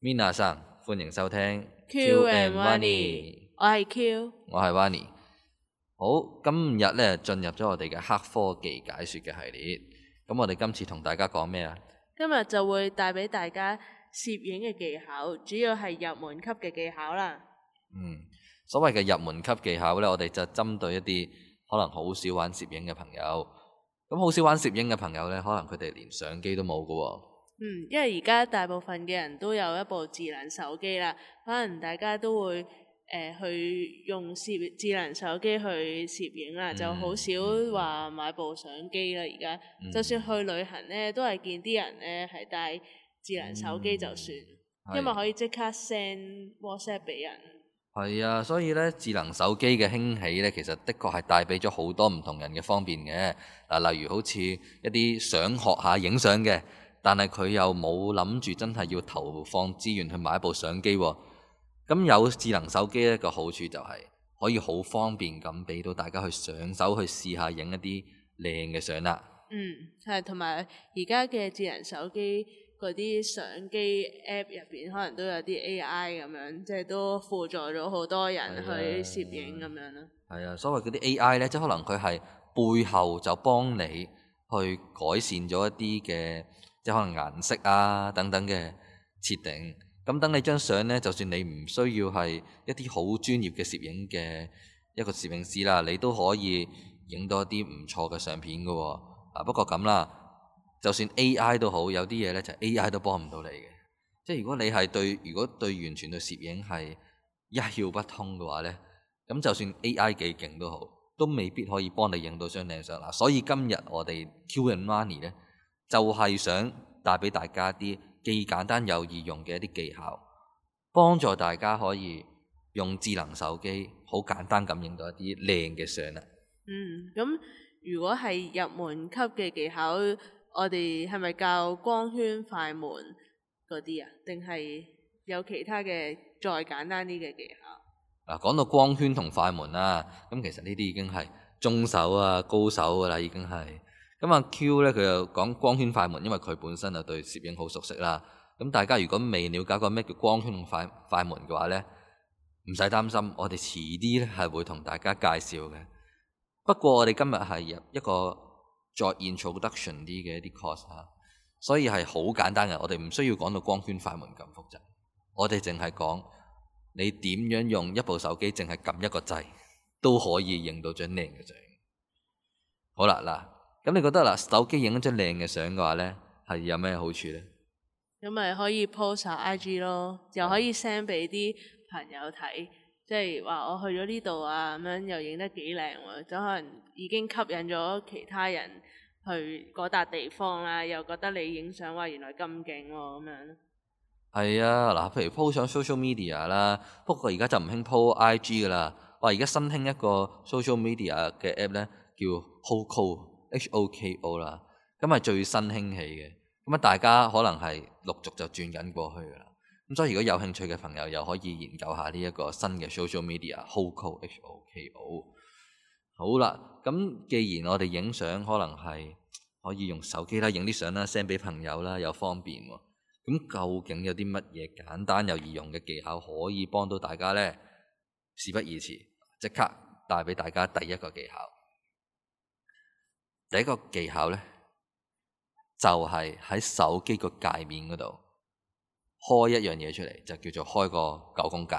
Minasan，歡迎收聽。Q, Q and Ronnie，我係是 Q，我係 Ronnie。好，今日咧，進入咗我哋嘅黑科技解說嘅系列。咁我哋今次同大家講咩啊？今日就會帶俾大家攝影嘅技巧，主要係入門級嘅技巧啦。嗯，所謂嘅入門級技巧咧，我哋就針對一啲可能好少玩攝影嘅朋友。咁好少玩攝影嘅朋友咧，可能佢哋連相機都冇噶、哦。嗯，因為而家大部分嘅人都有一部智能手機啦，可能大家都會誒、呃、去用攝智能手機去攝影啦，嗯、就好少話買部相機啦。而家、嗯、就算去旅行咧，都係見啲人咧係帶智能手機就算，嗯、因為可以即刻 send WhatsApp 俾人。係啊，所以咧智能手機嘅興起咧，其實的確係帶俾咗好多唔同人嘅方便嘅嗱、啊，例如好似一啲想學下影相嘅。但係佢又冇諗住真係要投放資源去買一部相機，咁有智能手機嘅好處就係可以好方便咁俾到大家去上手去試下影一啲靚嘅相啦。嗯，係同埋而家嘅智能手機嗰啲相機 app 入邊，可能都有啲 AI 咁樣，即係都輔助咗好多人去攝影咁樣咯。係啊、嗯、啊，所謂嗰啲 AI 呢，即係可能佢係背後就幫你去改善咗一啲嘅。即係可能顏色啊等等嘅設定，咁等你張相呢，就算你唔需要係一啲好專業嘅攝影嘅一個攝影師啦，你都可以影到一啲唔錯嘅相片噶。啊，不過咁啦，就算 A I 都好，有啲嘢呢就是、A I 都幫唔到你嘅。即係如果你係對，如果對完全對攝影係一竅不通嘅話呢，咁就算 A I 幾勁都好，都未必可以幫你影到張靚相啦。所以今日我哋 Q&Money 咧，就係想帶俾大家啲既簡單又易用嘅一啲技巧，幫助大家可以用智能手機好簡單咁影到一啲靚嘅相啦。嗯，咁如果係入門級嘅技巧，我哋係咪教光圈、快門嗰啲啊？定係有其他嘅再簡單啲嘅技巧？嗱，啊，講到光圈同快門啦，啊，咁其實呢啲已經係中手啊、高手㗎啦，已經係。咁啊 Q 咧，佢又講光圈快門，因為佢本身就對攝影好熟悉啦。咁大家如果未了解過咩叫光圈快快門嘅話咧，唔使擔心，我哋遲啲咧係會同大家介紹嘅。不過我哋今日係入一個做 introduction 啲嘅一啲 course 啊，所以係好簡單嘅，我哋唔需要講到光圈快門咁複雜。我哋淨係講你點樣用一部手機，淨係撳一個掣都可以影到張靚嘅相。好啦，嗱。咁你覺得啦，手機影一張靚嘅相嘅話咧，係有咩好處咧？咁咪可以 post 喺、e、I G 咯，又可以 send 俾啲朋友睇，即係話我去咗呢度啊，咁樣又影得幾靚喎，就可能已經吸引咗其他人去嗰笪地方啦、啊，又覺得你影相話原來咁勁喎，咁樣。係啊，嗱，譬如 post、e、上 social media 啦，不過而家就唔興 post、e、I G 噶啦，哇，而家新興一個 social media 嘅 app 咧，叫 Hoco。HOKO 啦，咁係最新興起嘅，咁啊大家可能係陸續就轉緊過去噶啦。咁所以如果有興趣嘅朋友，又可以研究下呢一個新嘅 social media，HOKO。HOKO 好啦，咁既然我哋影相可能係可以用手機啦，影啲相啦，send 俾朋友啦，又方便喎、啊。咁究竟有啲乜嘢簡單又易用嘅技巧，可以幫到大家呢？事不宜遲，即刻帶俾大家第一個技巧。第一個技巧咧，就係喺手機個界面嗰度開一樣嘢出嚟，就叫做開個九宮格。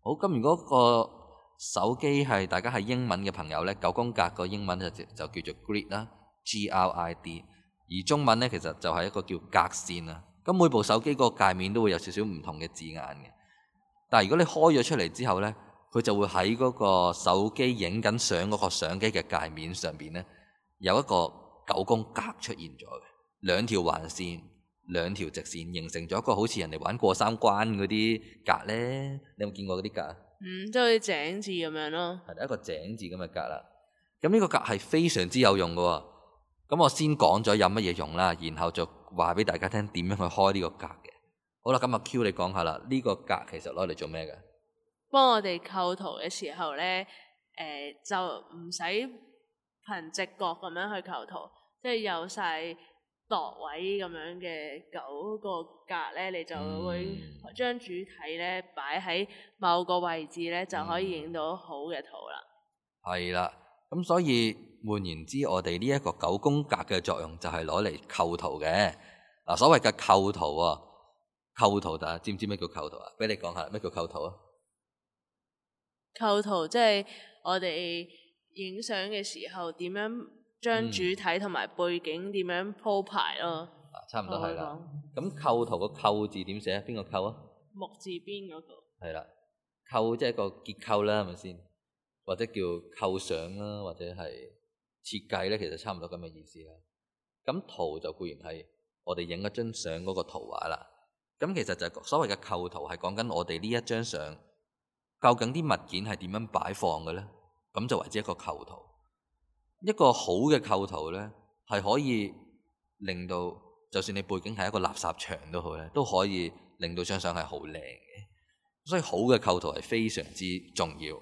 好，咁如果個手機係大家係英文嘅朋友咧，九宮格個英文就就叫做 grid 啦，G-R-I-D。而中文咧，其實就係一個叫格線啦。咁每部手機個界面都會有少少唔同嘅字眼嘅。但係如果你開咗出嚟之後咧，佢就會喺嗰個手機影緊相嗰個相機嘅界面上邊咧，有一個九宮格出現咗嘅，兩條橫線、兩條直線形成咗一個好似人哋玩過三關嗰啲格咧。你有冇見過嗰啲格？嗯，即係好似井字咁樣咯。係一個井字咁嘅格啦。咁呢個格係非常之有用㗎喎。咁我先講咗有乜嘢用啦，然後就話俾大家聽點樣去開呢個格嘅。好啦，咁阿 Q 你講下啦，呢個格其實攞嚟做咩嘅？幫我哋構圖嘅時候咧，誒、呃、就唔使憑直覺咁樣去構圖，即係有晒度位咁樣嘅九個格咧，你就會將主體咧擺喺某個位置咧，就可以影到好嘅圖啦。係啦、嗯，咁所以換言之，我哋呢一個九宮格嘅作用就係攞嚟構圖嘅。嗱，所謂嘅構圖啊，構圖大家知唔知咩叫構圖啊？俾你講下咩叫構圖啊？構圖即係我哋影相嘅時候，點樣將主體同埋背景點樣鋪排咯、啊嗯，差唔多係啦。咁構圖個構字點寫？邊個構啊？木字邊嗰個。係啦，構即係個結構啦，係咪先？或者叫構相啦，或者係設計咧，其實差唔多咁嘅意思啦。咁圖就固然係我哋影一張相嗰個圖畫啦。咁其實就係所謂嘅構圖係講緊我哋呢一張相。究竟啲物件係點樣擺放嘅呢？咁就謂之一個構圖，一個好嘅構圖呢，係可以令到就算你背景係一個垃圾場都好咧，都可以令到張相係好靚嘅。所以好嘅構圖係非常之重要。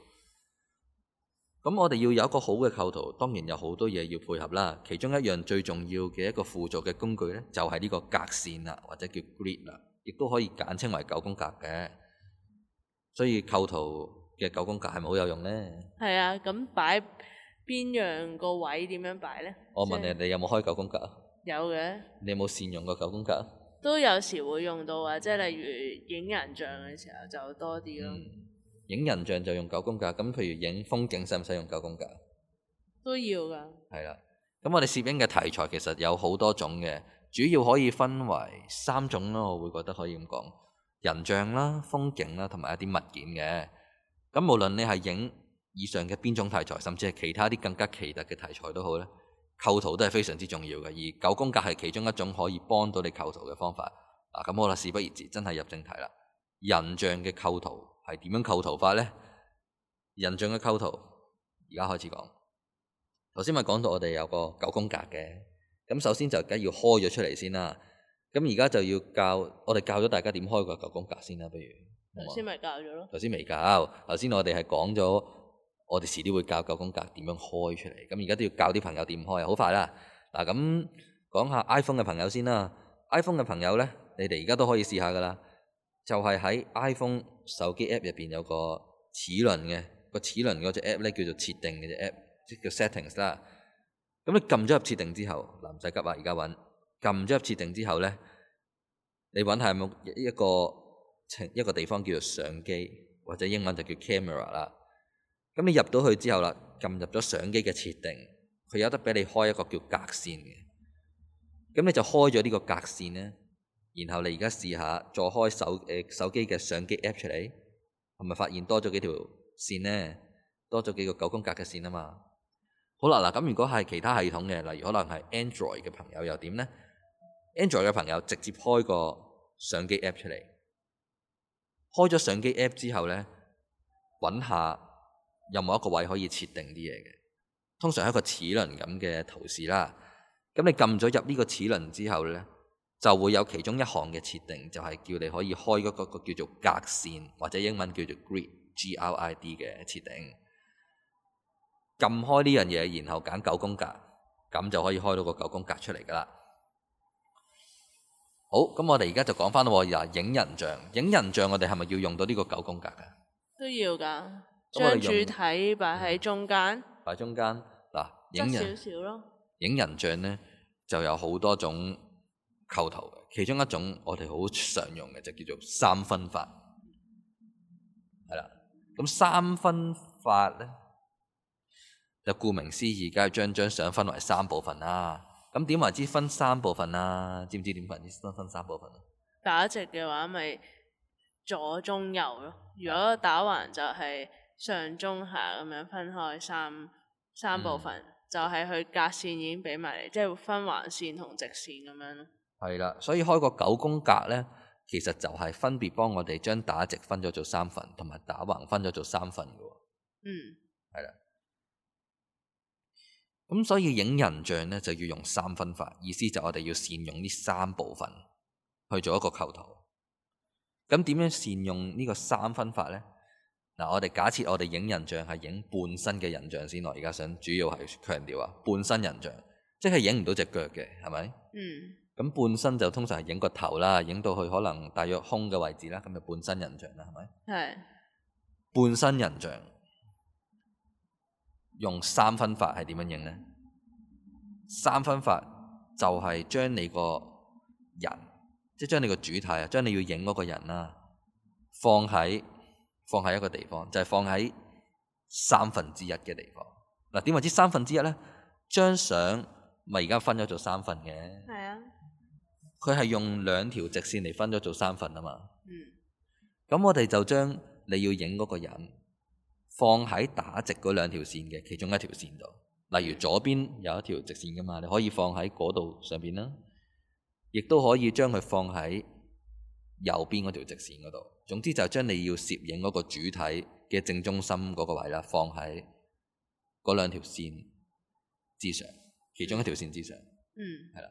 咁我哋要有一個好嘅構圖，當然有好多嘢要配合啦。其中一樣最重要嘅一個輔助嘅工具呢，就係、是、呢個格線啦，或者叫 grid 啦，亦都可以簡稱為九宮格嘅。所以構圖嘅九宮格係咪好有用咧？係啊，咁擺邊樣個位點樣擺咧？我問你，你有冇開九宮格啊？有嘅。你有冇善用過九宮格？都有時會用到啊，即係例如影人像嘅時候就多啲咯。嗯，影人像就用九宮格，咁譬如影風景使唔使用九宮格？都要噶。係啦，咁我哋攝影嘅題材其實有好多種嘅，主要可以分為三種咯，我會覺得可以咁講。人像啦、風景啦，同埋一啲物件嘅，咁無論你係影以上嘅邊種題材，甚至係其他啲更加奇特嘅題材都好咧，構圖都係非常之重要嘅。而九宮格係其中一種可以幫到你構圖嘅方法。啊，咁好啦，事不宜遲，真係入正題啦。人像嘅構圖係點樣構圖法咧？人像嘅構圖而家開始講。頭先咪講到我哋有個九宮格嘅，咁首先就梗要開咗出嚟先啦。咁而家就要教我哋教咗大家點開個九宮格先啦，不如頭先咪教咗咯。頭先未教，頭先我哋係講咗，我哋遲啲會教九宮格點樣開出嚟。咁而家都要教啲朋友點開，好快啦。嗱，咁講下 iPhone 嘅朋友先啦。iPhone 嘅朋友咧，你哋而家都可以試下噶啦。就係、是、喺 iPhone 手機 App 入邊有個齒輪嘅個齒輪嗰隻 App 咧，叫做設定嘅隻 App，即叫 Settings 啦。咁你撳咗入設定之後，嗱唔使急啊，而家揾。撳咗入設定之後咧，你揾下有冇一個情一個地方叫做相機，或者英文就叫 camera 啦。咁你入到去之後啦，撳入咗相機嘅設定，佢有得俾你開一個叫格線嘅。咁你就開咗呢個格線咧，然後你而家試下再開手誒手機嘅相機 app 出嚟，係咪發現多咗幾條線咧？多咗幾個九宮格嘅線啊嘛。好啦嗱，咁如果係其他系統嘅，例如可能係 Android 嘅朋友又點咧？Android 嘅朋友直接開個相機 app 出嚟，開咗相機 app 之後呢，揾下任何一個位可以設定啲嘢嘅。通常係一個齒輪咁嘅圖示啦。咁你撳咗入呢個齒輪之後呢，就會有其中一項嘅設定，就係叫你可以開嗰個個叫做格線或者英文叫做 grid G R I D 嘅設定。撳開呢樣嘢，然後揀九宮格，咁就可以開到個九宮格出嚟噶啦。好，咁我哋而家就講翻咯，影人像，影人像我哋係咪要用到呢個九宮格噶？都要噶，將主體擺喺中間，擺、嗯、中間，嗱，影人，少，影人像咧就有好多種構圖嘅，其中一種我哋好常用嘅就叫做三分法，係啦，咁三分法咧就顧名思義，梗係將張相分為三部分啦。咁點為之分三部分啦？知唔知點分，分三部分啊？知，知，分，分啊，打直嘅話咪、就是，左中右咯。如果打橫就係上中下咁樣分開三三部分，嗯、就係佢隔線已經俾埋嚟，即係分橫線同直線咁樣咯。係啦，所以開個九宮格咧，其實就係分別幫我哋將打直分咗做三份，同埋打橫分咗做三份嘅喎。嗯。係啦。咁所以影人像咧就要用三分法，意思就我哋要善用呢三部分去做一個構圖。咁點樣善用呢個三分法咧？嗱、啊，我哋假設我哋影人像係影半身嘅人像先，我而家想主要係強調啊，半身人像，即係影唔到隻腳嘅，係咪？嗯。咁半身就通常係影個頭啦，影到佢可能大約胸嘅位置啦，咁就半身人像啦，係咪？係。半身人像。用三分法係點樣影呢？三分法就係將你個人，即係將你個主體啊，將你要影嗰個人啦，放喺放喺一個地方，就係、是、放喺三分之一嘅地方。嗱、啊，點為之三分之一咧？張相咪而家分咗做三分嘅，係啊，佢係用兩條直線嚟分咗做三分啊嘛。咁、嗯、我哋就將你要影嗰個人。放喺打直嗰兩條線嘅其中一條線度，例如左邊有一條直線噶嘛，你可以放喺嗰度上邊啦，亦都可以將佢放喺右邊嗰條直線嗰度。總之就將你要攝影嗰個主體嘅正中心嗰個位啦，放喺嗰兩條線之上，其中一條線之上。嗯，係啦。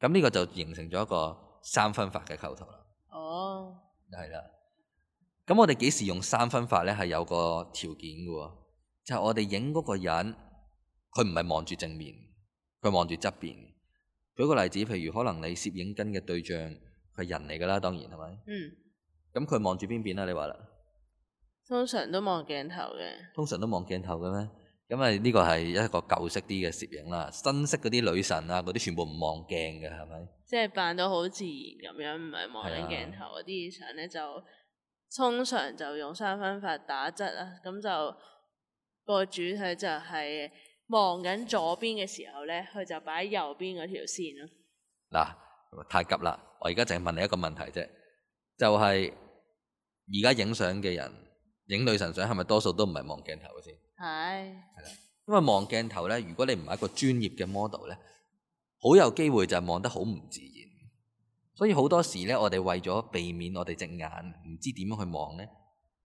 咁呢個就形成咗一個三分法嘅構圖啦。哦，係啦。咁我哋幾時用三分法咧？係有個條件嘅喎，就係我哋影嗰個人，佢唔係望住正面，佢望住側邊。舉個例子，譬如可能你攝影跟嘅對象係人嚟㗎啦，當然係咪？嗯。咁佢望住邊邊啦？你話啦。通常都望鏡頭嘅。通常都望鏡頭嘅咩？咁啊，呢個係一個舊式啲嘅攝影啦。新式嗰啲女神啊，嗰啲全部唔望鏡嘅係咪？即係扮到好自然咁樣，唔係望緊鏡頭嗰啲相咧就。通常就用三分法打側啦，咁就個主體就係望緊左邊嘅時候咧，佢就擺喺右邊嗰條線咯。嗱，太急啦！我而家淨係問你一個問題啫，就係而家影相嘅人影女神相係咪多數都唔係望鏡頭嘅先？係係啦，因為望鏡頭咧，如果你唔係一個專業嘅 model 咧，好有機會就係望得好唔自然。所以好多時咧，我哋為咗避免我哋隻眼唔知點樣去望咧，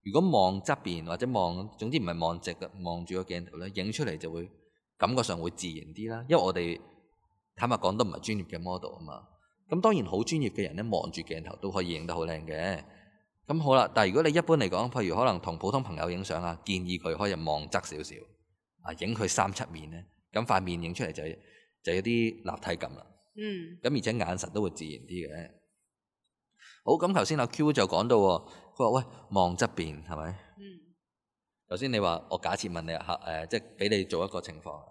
如果望側邊或者望，總之唔係望直，望住個鏡頭咧，影出嚟就會感覺上會自然啲啦。因為我哋坦白講都唔係專業嘅 model 啊嘛。咁當然好專業嘅人咧，望住鏡頭都可以影得好靚嘅。咁好啦，但係如果你一般嚟講，譬如可能同普通朋友影相啊，建議佢可以望側少少，啊影佢三七面咧，咁塊面影出嚟就就有啲立體感啦。嗯，咁而且眼神都會自然啲嘅。好，咁頭先阿 Q 就講到，佢話喂，望側邊係咪？嗯。頭先你話我假設問你下，誒、呃，即係俾你做一個情況，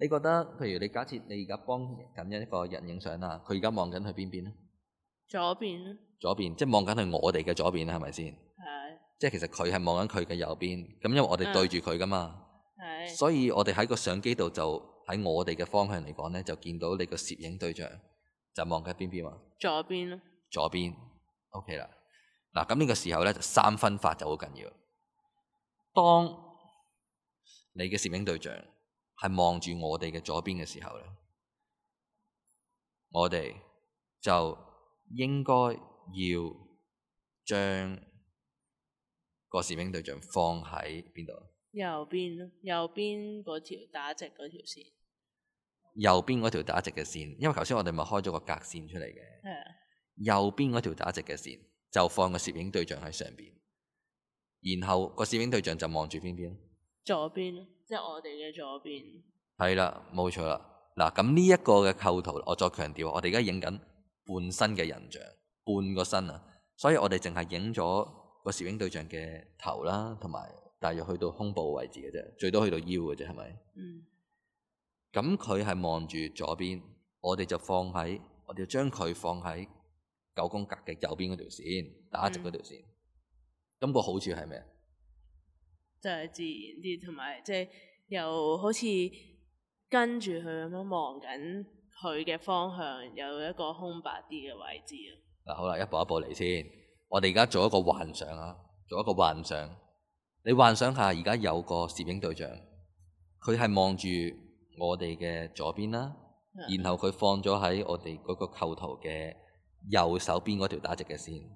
你覺得譬如你假設你而家幫緊一個人影相啦，佢而家望緊去邊邊咧？左邊。左邊，左邊，即係望緊去我哋嘅左邊啦，係咪先？係的。即係其實佢係望緊佢嘅右邊，咁因為我哋對住佢㗎嘛。係。的所以我哋喺個相機度就。喺我哋嘅方向嚟講咧，就見到你個攝影對象就望緊邊邊喎？左邊咯。左邊，OK 啦。嗱，咁呢個時候咧，就三分法就好緊要。當你嘅攝影對象係望住我哋嘅左邊嘅時候咧，我哋就應該要將個攝影對象放喺邊度？右邊咯，右邊嗰條打直嗰條線。右邊嗰條打直嘅線，因為頭先我哋咪開咗個格線出嚟嘅。係。右邊嗰條打直嘅線，就放個攝影對象喺上邊，然後個攝影對象就望住邊邊？左邊，即係我哋嘅左邊。係啦，冇錯啦。嗱，咁呢一個嘅構圖，我再強調，我哋而家影緊半身嘅人像，半個身啊，所以我哋淨係影咗個攝影對象嘅頭啦，同埋大約去到胸部位置嘅啫，最多去到腰嘅啫，係咪？嗯。咁佢係望住左邊，我哋就放喺，我哋就將佢放喺九宮格嘅右邊嗰條線，打直嗰條線。咁個好處係咩啊？就係自然啲，同埋即係又好似跟住佢咁樣望緊佢嘅方向，有一個空白啲嘅位置啊！嗱、嗯，好啦，一步一步嚟先。我哋而家做一個幻想啊，做一個幻想。你幻想下，而家有個攝影對象，佢係望住。我哋嘅左邊啦，然後佢放咗喺我哋嗰個構圖嘅右手邊嗰條打直嘅線。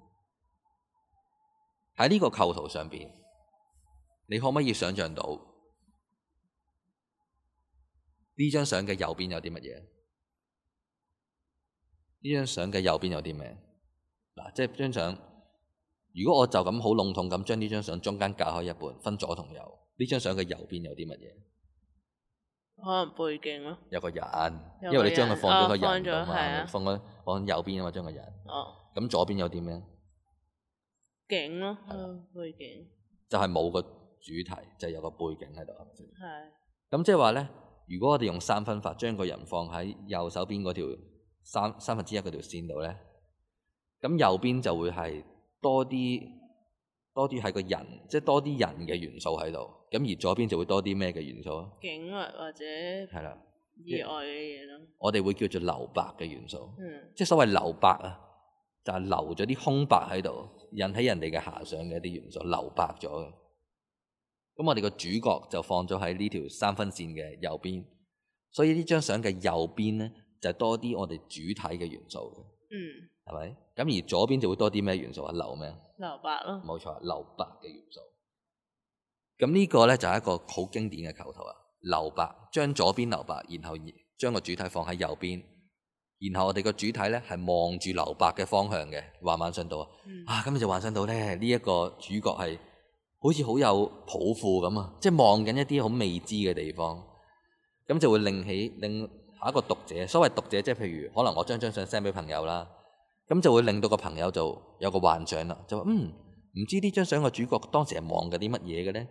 喺呢個構圖上邊，你可唔可以想象到呢張相嘅右邊有啲乜嘢？呢張相嘅右邊有啲咩？嗱，即係張相。如果我就咁好籠統咁將呢張相中間隔開一半，分左同右，呢張相嘅右邊有啲乜嘢？可能背景咯，有個人，個人，因為你將佢放咗個人啊嘛、哦，放咗，啊、放喺右邊啊嘛，將個人哦，咁左邊有啲咩？景咯係，咯，背景就係冇個主題，就係、是、有個背景喺度係咪先？係。咁係即係話咧，如果我哋用三分法將個人放喺右手邊嗰條三三分之一嗰條線度咧，咁右邊就會係多啲。多啲係個人，即係多啲人嘅元素喺度。咁而左邊就會多啲咩嘅元素啊？景物或者係啦，意外嘅嘢咯。我哋會叫做留白嘅元素。嗯，即係所謂留白啊，就係、是、留咗啲空白喺度，引起人哋嘅遐想嘅一啲元素，留白咗嘅。咁我哋個主角就放咗喺呢條三分線嘅右邊，所以呢張相嘅右邊咧就是、多啲我哋主體嘅元素嘅。嗯。係咁，而左邊就會多啲咩元素啊？留咩啊？留白咯，冇錯，留白嘅元素。咁呢個呢，就係一個好經典嘅構圖啊。留白，將左邊留白，然後將個主體放喺右邊，然後我哋個主體呢，係望住留白嘅方向嘅，幻想到、嗯、啊，啊，咁你就幻想到咧呢一個主角係好似好有抱負咁啊，即係望緊一啲好未知嘅地方，咁就會令起令下一個讀者，所謂讀者即係譬如可能我將張相 send 俾朋友啦。咁就會令到個朋友就有個幻象啦，就話嗯唔知呢張相個主角當時係望緊啲乜嘢嘅咧？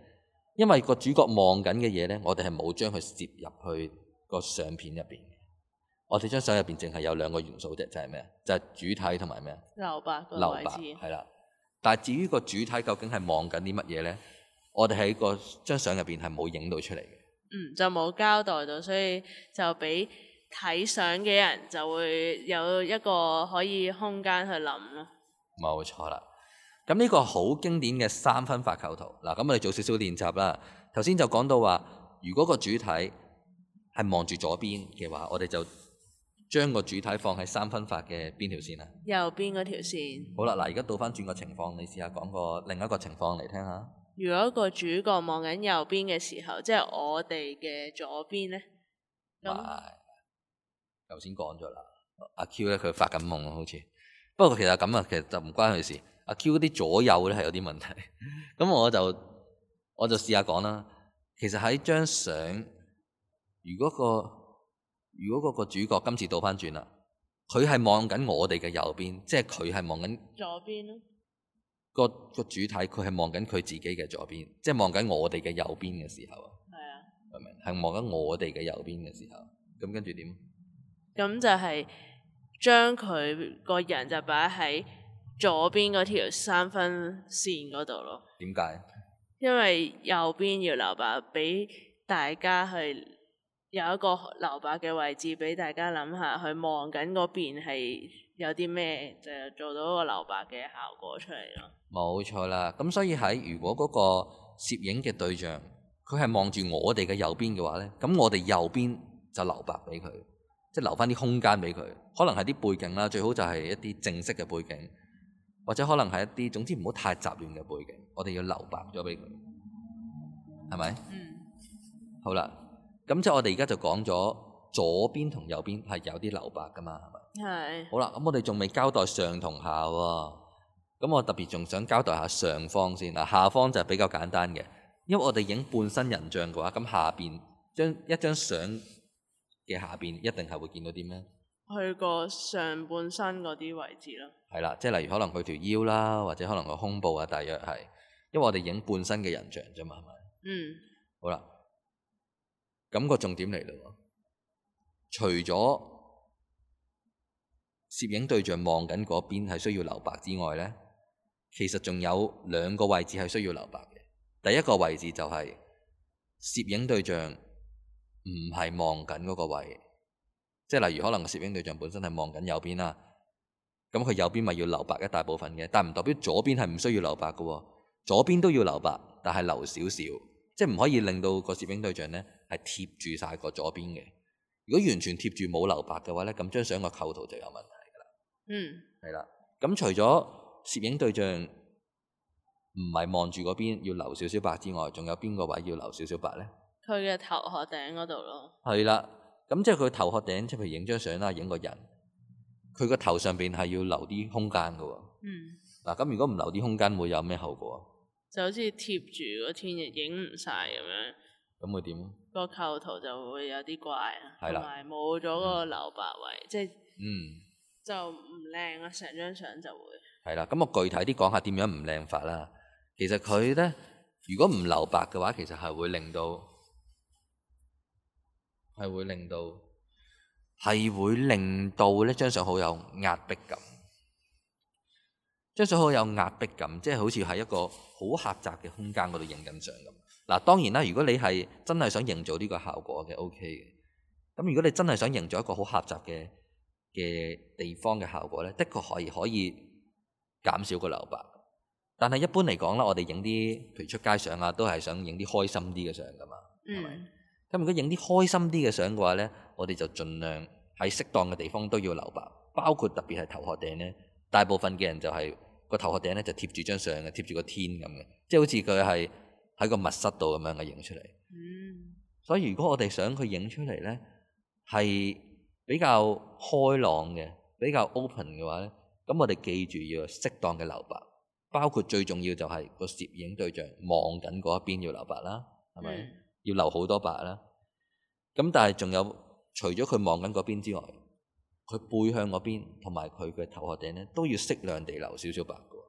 因為個主角望緊嘅嘢咧，我哋係冇將佢攝入去個相片入邊嘅。我哋張相入邊淨係有兩個元素啫，就係咩？就係主體同埋咩？留白，留白，係啦。但係至於個主體究竟係望緊啲乜嘢咧？我哋喺個張相入邊係冇影到出嚟嘅。嗯，就冇交代到，所以就俾睇相嘅人就會有一個可以空間去諗咯。冇錯啦。咁呢個好經典嘅三分法構圖。嗱，咁我哋做少少練習啦。頭先就講到話，如果個主體係望住左邊嘅話，我哋就將個主體放喺三分法嘅邊條線啊？右邊嗰條線。好啦，嗱，而家倒翻轉個情況，你試下講個另一個情況嚟聽下。如果個主角望緊右邊嘅時候，即係我哋嘅左邊咧，頭先講咗啦，阿 Q 咧佢發緊夢咯，好似不過其實咁啊，其實就唔關佢事。阿 Q 嗰啲左右咧係有啲問題，咁我就我就試下講啦。其實喺張相，如果個如果嗰個主角今次倒翻轉啦，佢係望緊我哋嘅右邊，即係佢係望緊左邊咯。個個主體佢係望緊佢自己嘅左邊，即係望緊我哋嘅右邊嘅時候，啊。係啊，係咪？係望緊我哋嘅右邊嘅時候，咁跟住點？咁就係將佢個人就擺喺左邊嗰條三分線嗰度咯。點解？因為右邊要留白，俾大家去有一個留白嘅位置，俾大家諗下去望緊嗰邊係有啲咩，就做到一個留白嘅效果出嚟咯。冇錯啦。咁所以喺如果嗰個攝影嘅對象，佢係望住我哋嘅右邊嘅話咧，咁我哋右邊就留白俾佢。即留翻啲空間俾佢，可能係啲背景啦，最好就係一啲正式嘅背景，或者可能係一啲，總之唔好太雜亂嘅背景。我哋要留白咗俾佢，係咪？嗯。好啦，咁即係我哋而家就講咗左邊同右邊係有啲留白噶嘛，係咪？係。好啦，咁我哋仲未交代上同下喎，咁我特別仲想交代下上方先嗱，下方就比較簡單嘅，因為我哋影半身人像嘅話，咁下邊將一張相。嘅下邊一定係會見到啲咩？去過上半身嗰啲位置咯。係啦，即係例如可能佢條腰啦，或者可能個胸部啊，大約係。因為我哋影半身嘅人像啫嘛，係咪？嗯。好啦，咁個重點嚟咯。除咗攝影對象望緊嗰邊係需要留白之外咧，其實仲有兩個位置係需要留白嘅。第一個位置就係攝影對象，唔係望緊嗰個位，即係例如可能攝影對象本身係望緊右邊啦，咁佢右邊咪要留白一大部分嘅，但唔代表左邊係唔需要留白嘅，左邊都要留白，但係留少少，即係唔可以令到個攝影對象呢係貼住晒個左邊嘅。如果完全貼住冇留白嘅話呢，咁張相個構圖就有問題㗎啦。嗯，係啦，咁除咗攝影對象唔係望住嗰邊要留少少白之外，仲有邊個位要留少少白呢？佢嘅頭殼頂嗰度咯，係啦，咁即係佢頭殼頂，即係譬如影張相啦，影個人，佢個頭上邊係要留啲空間嘅。嗯，嗱、啊，咁如果唔留啲空間，會有咩後果啊？就好似貼住個天影影唔晒咁樣。咁會點？個構圖就會有啲怪，同埋冇咗個留白位，即係嗯，嗯就唔靚啊！成張相就會係啦。咁我具體啲講下點樣唔靚法啦。其實佢咧，如果唔留白嘅話，其實係會令到係會令到，係會令到呢張相好有壓迫感，張相好有壓迫感，即係好似喺一個好狹窄嘅空間嗰度影緊相咁。嗱，當然啦，如果你係真係想營造呢個效果嘅，OK 嘅。咁如果你真係想營造一個好狹窄嘅嘅地方嘅效果呢，的確可以可以減少個留白。但係一般嚟講咧，我哋影啲譬如出街相啊，都係想影啲開心啲嘅相噶嘛，係咪？嗯咁如果影啲開心啲嘅相嘅話咧，我哋就盡量喺適當嘅地方都要留白，包括特別係頭殼頂咧，大部分嘅人就係個頭殼頂咧就貼住張相嘅，貼住個天咁嘅，即係好似佢係喺個密室度咁樣嘅影出嚟。嗯。所以如果我哋想佢影出嚟咧，係比較開朗嘅，比較 open 嘅話咧，咁我哋記住要適當嘅留白，包括最重要就係個攝影對象望緊嗰一邊要留白啦，係咪？嗯要留好多白啦，咁但係仲有，除咗佢望緊嗰邊之外，佢背向嗰邊同埋佢嘅頭殼頂咧，都要適量地留少少白嘅。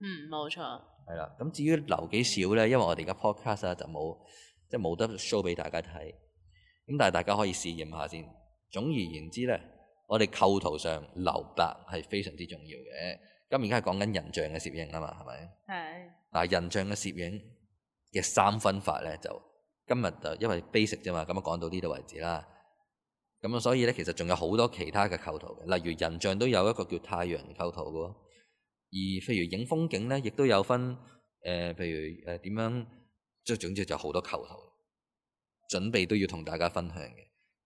嗯，冇錯。係啦，咁至於留幾少咧，因為我哋而家 podcast 啊，就冇即係冇得 show 俾大家睇，咁但係大家可以試驗下先。總而言之咧，我哋構圖上留白係非常之重要嘅。咁而家係講緊人像嘅攝影啊嘛，係咪？係嘅。嗱，人像嘅攝影嘅三分法咧就～今日就因為 basic 啫嘛，咁啊講到呢度為止啦。咁啊，所以咧其實仲有好多其他嘅構圖，例如人像都有一個叫太陽構圖嘅，而譬如影風景咧，亦都有分誒、呃，譬如誒點、呃、樣，即係總之就好多構圖準備都要同大家分享嘅。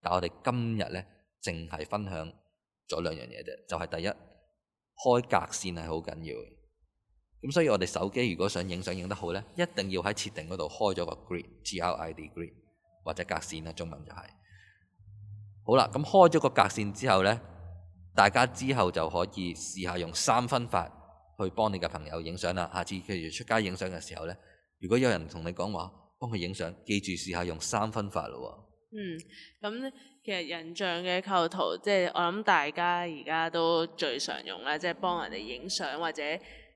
但我哋今日咧，淨係分享咗兩樣嘢啫，就係、是、第一開格線係好緊要嘅。咁、嗯、所以我哋手機如果想影相影得好咧，一定要喺設定嗰度開咗個 grid，grid grid, 或者格線啦，中文就係、是、好啦。咁、嗯、開咗個格線之後咧，大家之後就可以試下用三分法去幫你嘅朋友影相啦。下次跟住出街影相嘅時候咧，如果有人同你講話幫佢影相，記住試下用三分法咯。嗯，咁其實人像嘅構圖，即、就、係、是、我諗大家而家都最常用啦，即係幫人哋影相或者。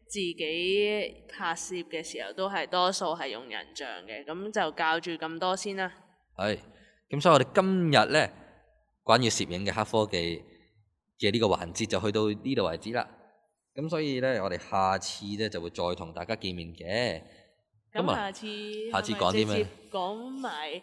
自己拍攝嘅時候都係多數係用人像嘅。咁就教住咁多先啦。係，咁、 嗯、所以我哋今日咧關於攝影嘅黑科技嘅呢個環節就去到呢度為止啦。咁所以咧，我哋下次咧就會再同大家見面嘅。咁、嗯、下次、嗯、下次講啲咩？講埋。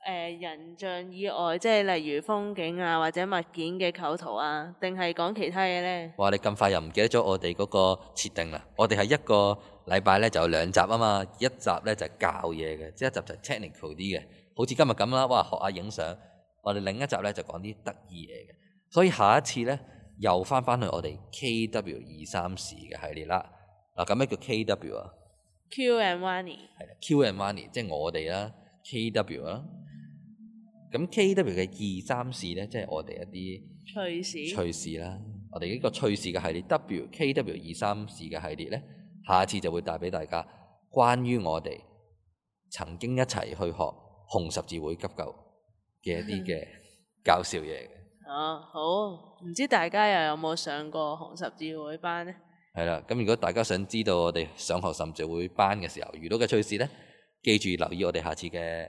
誒、呃、人像以外，即係例如風景啊，或者物件嘅構圖啊，定係講其他嘢咧？哇！你咁快又唔記得咗我哋嗰個設定啦？我哋係一個禮拜咧就有兩集啊嘛，一集咧就係、是、教嘢嘅，一集就係 technical 啲嘅，好似今日咁啦。哇！學下影相，我哋另一集咧就講啲得意嘢嘅，所以下一次咧又返返去我哋 K W 二三四嘅系列啦。嗱、啊，咁咩叫 K W 啊？Q and Money 係 Q and Money 即係我哋啦、啊、K W 啦、啊。咁 K.W 嘅二三事咧，即係我哋一啲趣事，趣事啦。我哋呢個趣事嘅系列，W.K.W 二三事嘅系列咧，下次就會帶俾大家關於我哋曾經一齊去學紅十字會急救嘅一啲嘅搞笑嘢嘅。 啊，好！唔知大家又有冇上過紅十字會班咧？係啦，咁如果大家想知道我哋上學十字會班上紅十字會班嘅時候遇到嘅趣事咧，記住留意我哋下次嘅。